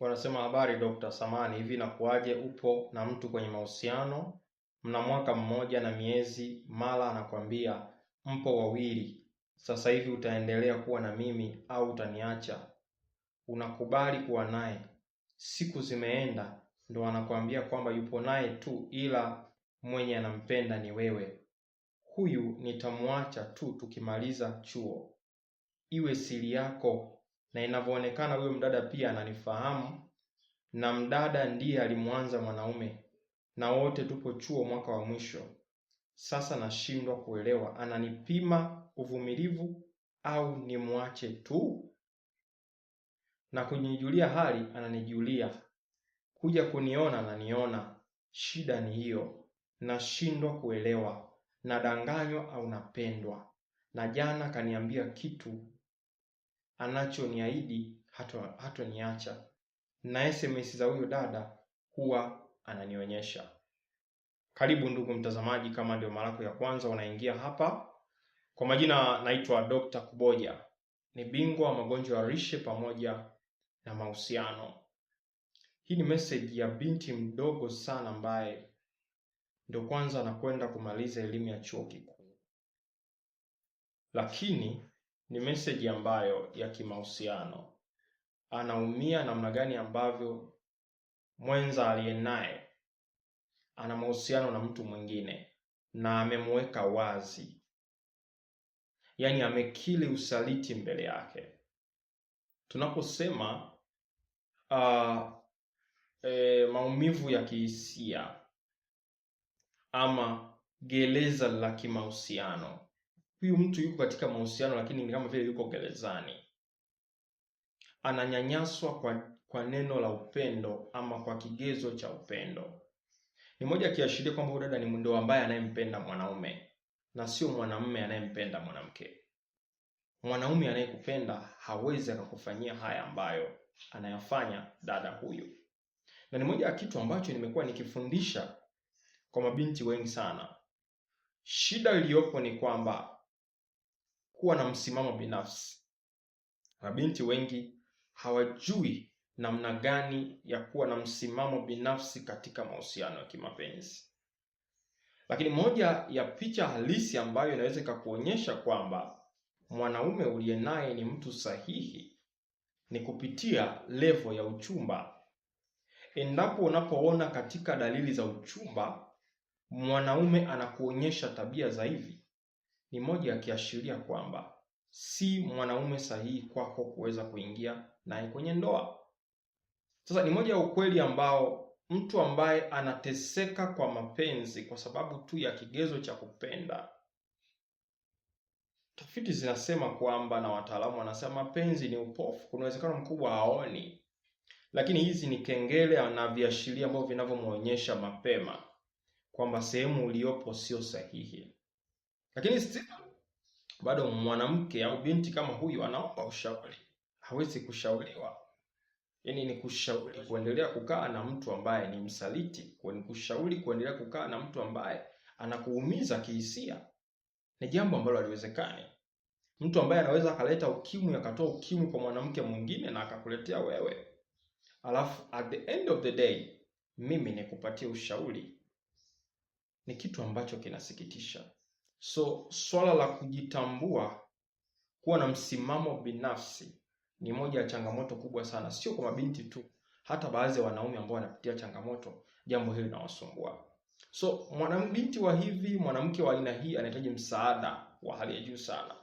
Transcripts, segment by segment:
Wanasema habari Dr. Samani, hivi nakuaje? Upo na mtu kwenye mahusiano mna mwaka mmoja na miezi, mara anakwambia mpo wawili sasa hivi, utaendelea kuwa na mimi au utaniacha? Unakubali kuwa naye, siku zimeenda, ndo anakwambia kwamba yupo naye tu, ila mwenye anampenda ni wewe. Huyu nitamwacha tu tukimaliza chuo, iwe siri yako na inavyoonekana huyo mdada pia ananifahamu, na mdada ndiye alimwanza mwanaume, na wote tupo chuo mwaka wa mwisho. Sasa nashindwa kuelewa, ananipima uvumilivu au nimwache tu? Na kunijulia hali ananijulia, kuja kuniona naniona Shida ni hiyo, nashindwa kuelewa, nadanganywa au napendwa? Na jana kaniambia kitu anachoniahidi hatoniacha hato na SMS za huyo dada huwa ananionyesha. Karibu ndugu mtazamaji, kama ndio mara ya kwanza unaingia hapa, kwa majina naitwa Dr. Kuboja, ni bingwa wa magonjwa ya rishe pamoja na mahusiano. Hii ni message ya binti mdogo sana ambaye ndio kwanza anakwenda kumaliza elimu ya chuo kikuu, lakini ni meseji ambayo ya kimahusiano, anaumia namna gani ambavyo mwenza aliye naye ana mahusiano na mtu mwingine na amemweka wazi, yaani amekili usaliti mbele yake. Tunaposema uh, e, maumivu ya kihisia ama gereza la kimahusiano huyu mtu yuko katika mahusiano lakini ni kama vile yuko gerezani, ananyanyaswa kwa, kwa neno la upendo ama kwa kigezo cha upendo. Ni moja akiashiria kwamba huyu dada ni mndo ambaye anayempenda mwanaume na sio mwanamume anayempenda mwanamke. Mwanaume anayekupenda hawezi akakufanyia haya ambayo anayafanya dada huyu, na ni moja ya kitu ambacho nimekuwa nikifundisha kwa mabinti wengi sana. Shida iliyopo ni kwamba kuwa na msimamo binafsi. Mabinti wengi hawajui namna gani ya kuwa na msimamo binafsi katika mahusiano ya kimapenzi. Lakini moja ya picha halisi ambayo inaweza ikakuonyesha kwamba mwanaume uliye naye ni mtu sahihi ni kupitia levo ya uchumba. Endapo unapoona katika dalili za uchumba mwanaume anakuonyesha tabia za hivi ni moja ya kiashiria kwamba si mwanaume sahihi kwako kuweza kuingia naye kwenye ndoa. Sasa ni moja ya ukweli ambao mtu ambaye anateseka kwa mapenzi kwa sababu tu ya kigezo cha kupenda, tafiti zinasema kwamba na wataalamu wanasema mapenzi ni upofu. Kuna uwezekano mkubwa haoni, lakini hizi ni kengele na viashiria ambavyo vinavyomwonyesha mapema kwamba sehemu uliyopo sio sahihi. Lakini still bado mwanamke au binti kama huyu anaomba ushauri, hawezi kushauriwa. Yaani ni kushauri kuendelea kukaa na mtu ambaye ni msaliti, ni kushauri kuendelea kukaa na mtu ambaye anakuumiza kihisia, ni jambo ambalo haliwezekani. Mtu ambaye anaweza akaleta ukimwi akatoa ukimwi kwa mwanamke mwingine na akakuletea wewe, alafu at the end of the day mimi nikupatie ushauri, ni kitu ambacho kinasikitisha. So swala la kujitambua, kuwa na msimamo binafsi ni moja ya changamoto kubwa sana, sio kwa mabinti tu, hata baadhi ya wanaume ambao wanapitia changamoto, jambo hili linawasumbua. So mwanabinti wa hivi, mwanamke wa aina hii anahitaji msaada wa hali ya juu sana,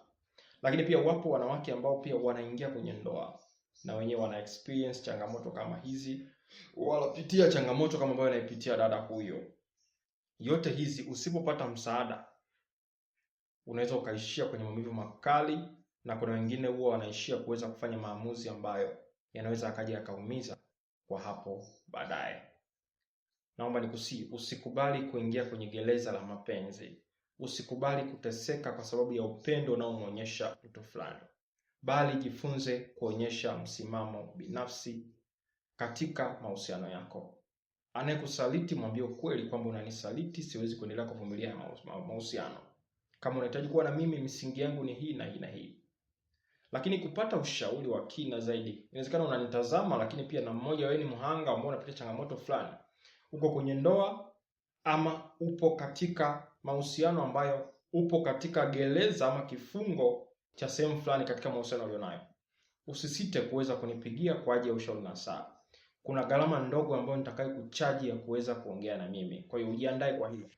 lakini pia wapo wanawake ambao pia wanaingia kwenye ndoa na wenyewe wana experience changamoto kama hizi, wanapitia changamoto kama ambayo anaipitia dada huyo. Yote hizi usipopata msaada unaweza ukaishia kwenye maumivu makali, na kuna wengine huwa wanaishia kuweza kufanya maamuzi ambayo yanaweza akaja yakaumiza kwa hapo baadaye. Naomba nikusi, usikubali kuingia kwenye gereza la mapenzi. Usikubali kuteseka kwa sababu ya upendo unaomwonyesha mtu fulani, bali jifunze kuonyesha msimamo binafsi katika mahusiano yako. Anayekusaliti mwambie ukweli kwamba unanisaliti, siwezi kuendelea kuvumilia mahusiano. Kama unahitaji kuwa na mimi, misingi yangu ni hii na hii na hii. Lakini kupata ushauri wa kina zaidi, inawezekana unanitazama, lakini pia na mmoja wewe ni mhanga ambao unapitia changamoto fulani, uko kwenye ndoa ama upo katika mahusiano ambayo upo katika gereza ama kifungo cha sehemu fulani katika mahusiano ulionayo, usisite kuweza kunipigia kwa ajili ya ushauri na saa. Kuna gharama ndogo ambayo nitakayo kuchaji ya kuweza kuongea na mimi, kwa hiyo ujiandae kwa hilo.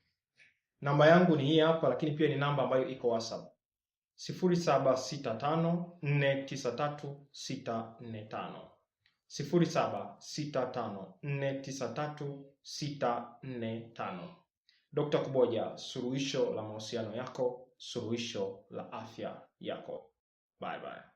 Namba yangu ni hii hapa, lakini pia ni namba ambayo iko WhatsApp 0765493645 0765493645. Dr. Kuboja, suluhisho la mahusiano yako, suluhisho la afya yako. Bye bye.